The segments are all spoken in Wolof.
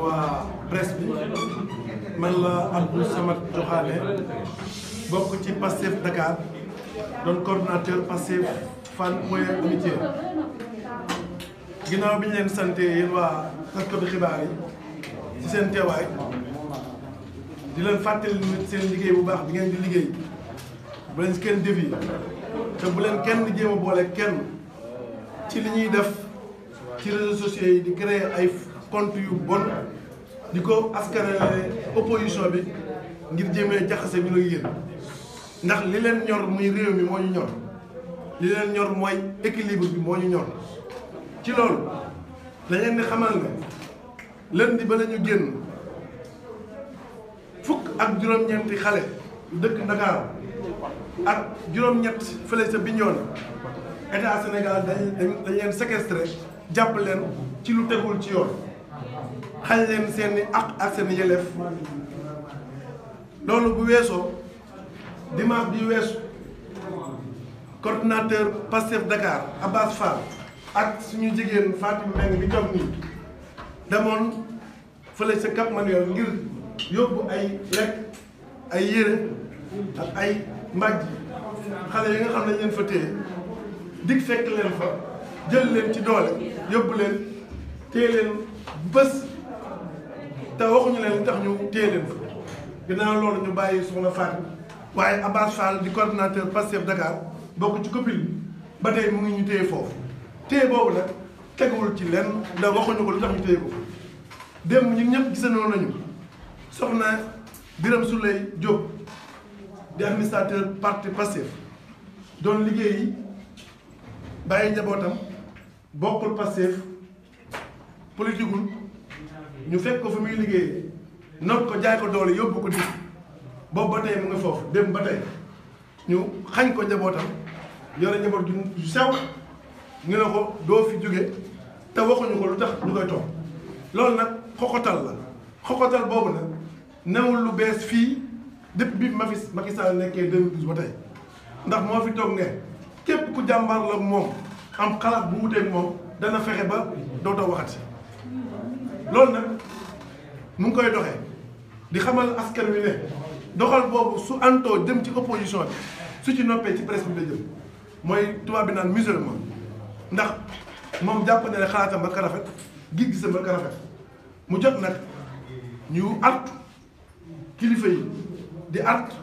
waa presque bi man la Abdou Samad Joxaane bokk ci Pastef Dakar doon coordonnateur Pastef Fann Point E Amitié ginnaaw bi ñu leen sante yéen waa taskatu xibaar yi ci seen teewaay di leen fàttali nit seen liggéey bu baax bi ngeen di liggéey bu leen kenn defi te bu leen kenn jéem boole kenn ci li ñuy def ci réseaux sociaux yi di créer ay compte yu bon di ko askanale opposition bi ngir jéemee jaxase ñu nga yéen ndax li leen ñor muy réew mi moo ñu ñor li leen ñor mooy équilibre bi moo ñu ñor ci loolu dañ leen di xamal ne lundi ba la génn fukk ak juróom-ñeenti xale dëkk Dakar ak juróom-ñett fële sa Bignona état Sénégal dañ dañ leen séquestré jàpp leen ci lu tegul ci yoon xañ leen seen i àq ak bu weesoo dimanche bi weesu coordinateur Pastef Dakar suñu jigéen Fatim demoon fële ca ngir yóbbu ay ay yére ak xale yi nga xam ne leen fa téye dig fekk leen fa jël leen ci doole yóbbu leen téye leen bés te waxuñu leen lu tax ñu téye leen fa ginnaaw loolu ñu bàyyi soxna Fatou waaye Abbas Fall di coordinateur Pastef Dakar bokk ci copil ba tey mu ngi ñu téye foofu téye boobu nag teguwul ci lenn da waxuñu ko lu tax ñu téye ko démb ñun ñëpp gisandoo nañu soxna Birame Souleye Diop di administrateur parti Pastef doon liggéey yi bàyyi njabootam bokkul Pastef politikul ñu fekk ko fa muy liggéey noot ko jaay ko doole yóbbu ko di boobu ba tey mu ngi foofu dem ba tey ñu xañ ko njabootam yore njaboot ju sew ñu ne ko doo fi jóge te waxuñu ko lu tax ñu koy toog loolu nag xoxotal la xoxotal boobu nag newul lu bees fii depuis bi ma fi saa Sall nekkee 2012 ba tey ndax moo fi toog ne képp ku jàmbar la moom am xalaat bu wuteeg moom dana fexe ba dootoo waxati loolu nag mu ngi koy doxe di xamal askan wi ne doxal boobu su antoo jëm ci opposition bi su ci noppee ci presse bi la jëm mooy tubaab bi naan musulman ndax moom jàpp na ne xalaatam ba ka rafet gis-gisam ba rafet mu jot nag ñu artu kilifa yi di artu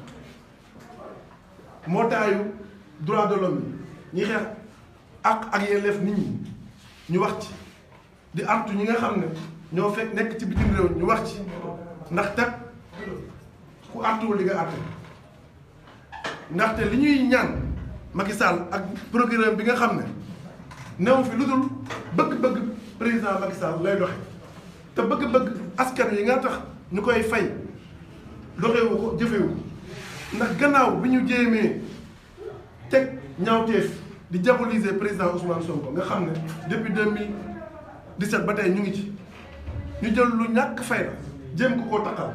mbootaayu droit de l'homme yi ñi xeex ak ak yelleef nit ñi ñu wax ci di artu ñi nga xam ne ñoo fekk nekk ci bitim réew ñu wax ci ndax tag ku artuwul li nga artu ndaxte li ñuy ñaan Macky Sall ak procureur bi nga xam ne new fi lu dul bëgg-bëgg président Macky Sall lay doxe te bëgg-bëgg askan yi nga tax ñu koy fay doxewu ko jëfewu ndax gannaaw bi ñu jéemee teg ñaawteef di diaboliser président Ousmane Sonko nga xam ne depuis 2000 di set ba tey ñu ngi ci ñu jël lu ñàkk fayda jéem ko koo takkal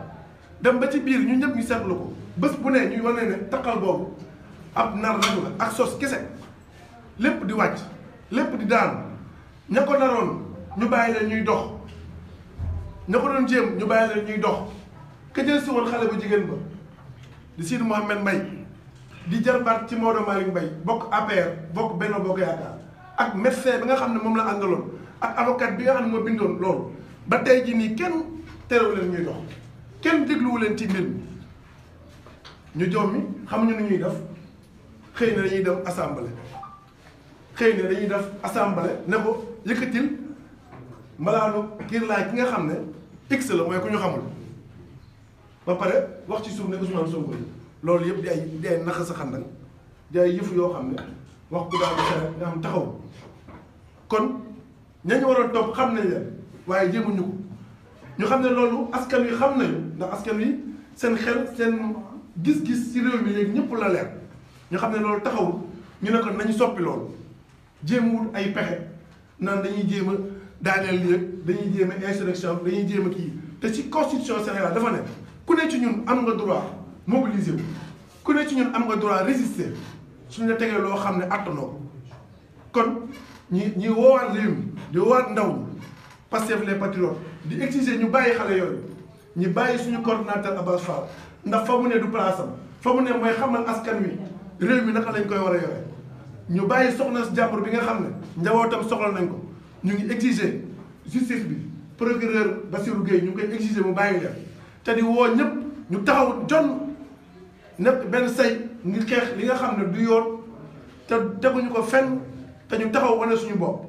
dem ba ci biir ñu ñëpp ñu seetlu ko bés bu ne ñuy wane ne takkal boobu ab nar rek la ak sos kese lépp di wàcc lépp di daanu ña ko naroon ñu bàyyi leen ñuy dox ña ko doon jéem ñu bàyyi leen ñuy dox ka jël si woon xale bu jigéen ba di Sidi Mouhamed mbay di jarbaat ci Maodo Malick Mbaye bokk APR bokk benn Bokk Yaakaar ak médecin bi nga xam ne moom la àngaloon ak avocat bi nga xam ne moo bindoon loolu ba tey jii nii kenn terewu leen ñuy dox kenn dégluwu leen ci mbir mi ñu jom mi xamuñu nu ñuy def xëy na dañuy dem assemblée xëy na dañuy def assemblée ne ko yëkkatil malaanu kiir laay ki nga xam ne x la mooy ku ñu xamul ba pare wax ci suuf ne Ousmane Sonko loolu yëpp di ay di ay naxa sa xandang di ay yëfu yoo xam ne wax ku daal di nga xam taxaw kon ñañu waroon topp xam nañ leen waaye jéemuñu ko ñu xam ne loolu askan wi xam nañu ndax askan wi seen xel seen gis-gis ci réew bi léegi ñëpp la leer ñu xam ne loolu taxawul ñu ne kon nañu soppi loolu jéem wut ay pexe naan dañuy jéem a daaneel yëg dañuy jéem a insurrection dañuy jéem a kii te ci constitution Sénégal dafa ne ku ne ci ñun am nga droit mobiliser wu ku ne ci ñun am nga droit résister suñu ne tegee loo xam ne attanoo kon ñi ñi woowaat réew mi di woowaat ndaw Pastef les patriotes di exiger ñu bàyyi xale yooyu ñi bàyyi suñu coordonnateur Abass Fall ndax fa mu ne du place am fa mu ne mooy xamal askan wi réew mi naka lañ koy war a yore ñu bàyyi soxna jàmbur bi nga xam ne tam soxla nañ ko ñu ngi exiger justice bi procureur Bassirou Gueye ñu ngi koy exiger mu bàyyi leen te di woo ñëpp ñu taxaw jonn népp benn say ngir xeex li nga xam ne du yoon te teguñu ko fenn. te ñu taxaw wane suñu bopp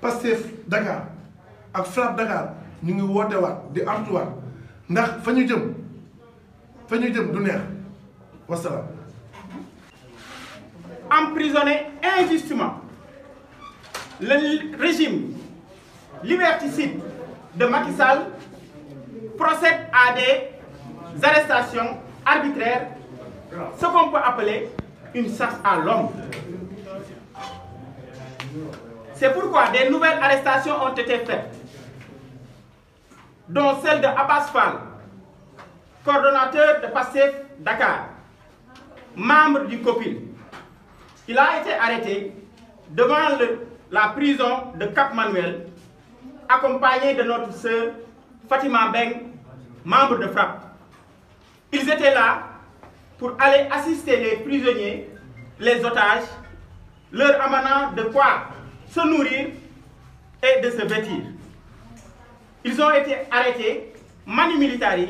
Pastef Dakar ak FRAPP Dakar ñu ngi woote waat di artuwaat ndax fa ñu jëm fa ñu jëm du neex wasalaam. emprisonné injustement le régime liberticide de Macky Sall procède à des arrestations arbitraires, ce qu'on peut appeler une chasse à l'homme. C'est pourquoi des nouvelles arrestations ont été faites, dont celle de Abbas Fall, coordonnateur de PASTEF Dakar, membre du COPIL. Il a été arrêté devant la prison de Cap-Manuel, accompagné de notre sœur Fatima Beng, membre de FRAP. Ils étaient là pour aller assister les prisonniers, les otages, leur amenant de quoi se nourrir et de se vêtir. Ils ont été arrêtés, manu militari,